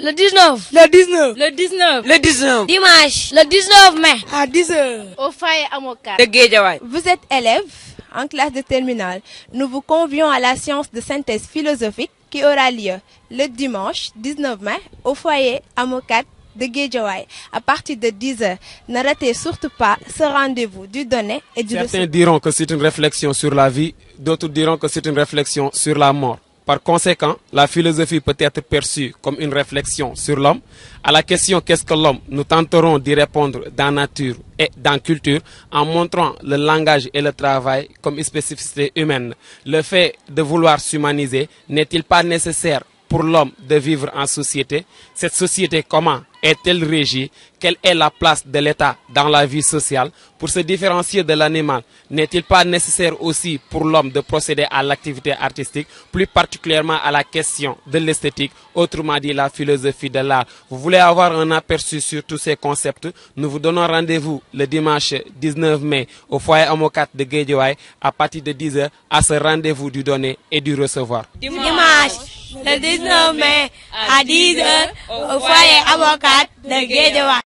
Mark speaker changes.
Speaker 1: Le 19. Le 19. Le 19. Le 19. Dimanche. Le 19 mai. À 10h.
Speaker 2: Au foyer Amokat De Guédiawaye.
Speaker 1: Vous êtes
Speaker 3: élève en classe de terminale. Nous vous convions à la science de synthèse philosophique qui aura lieu le dimanche 19 mai au foyer Amokat de Guédiawaye à partir de 10h. n'arrêtez surtout pas ce rendez-vous du donné et du Certains diront
Speaker 4: que c'est une réflexion sur la vie, d'autres diront que c'est une réflexion sur la mort. Par conséquent, la philosophie peut être perçue comme une réflexion sur l'homme. À la question qu'est-ce que l'homme, nous tenterons d'y répondre dans nature et dans culture en montrant le langage et le travail comme une spécificité humaine. Le fait de vouloir s'humaniser n'est-il pas nécessaire pour l'homme de vivre en société Cette société comment est-elle régie Quelle est la place de l'État dans la vie sociale Pour se différencier de l'animal, n'est-il pas nécessaire aussi pour l'homme de procéder à l'activité artistique, plus particulièrement à la question de l'esthétique, autrement dit la philosophie de l'art Vous voulez avoir un aperçu sur tous ces concepts Nous vous donnons rendez-vous le dimanche 19 mai au foyer Amokat de Guédiouaï à partir de 10h à ce rendez-vous du donner et du recevoir.
Speaker 1: Dimanche, le 19 mai à 10 heures au foyer avocat de Guédiawaye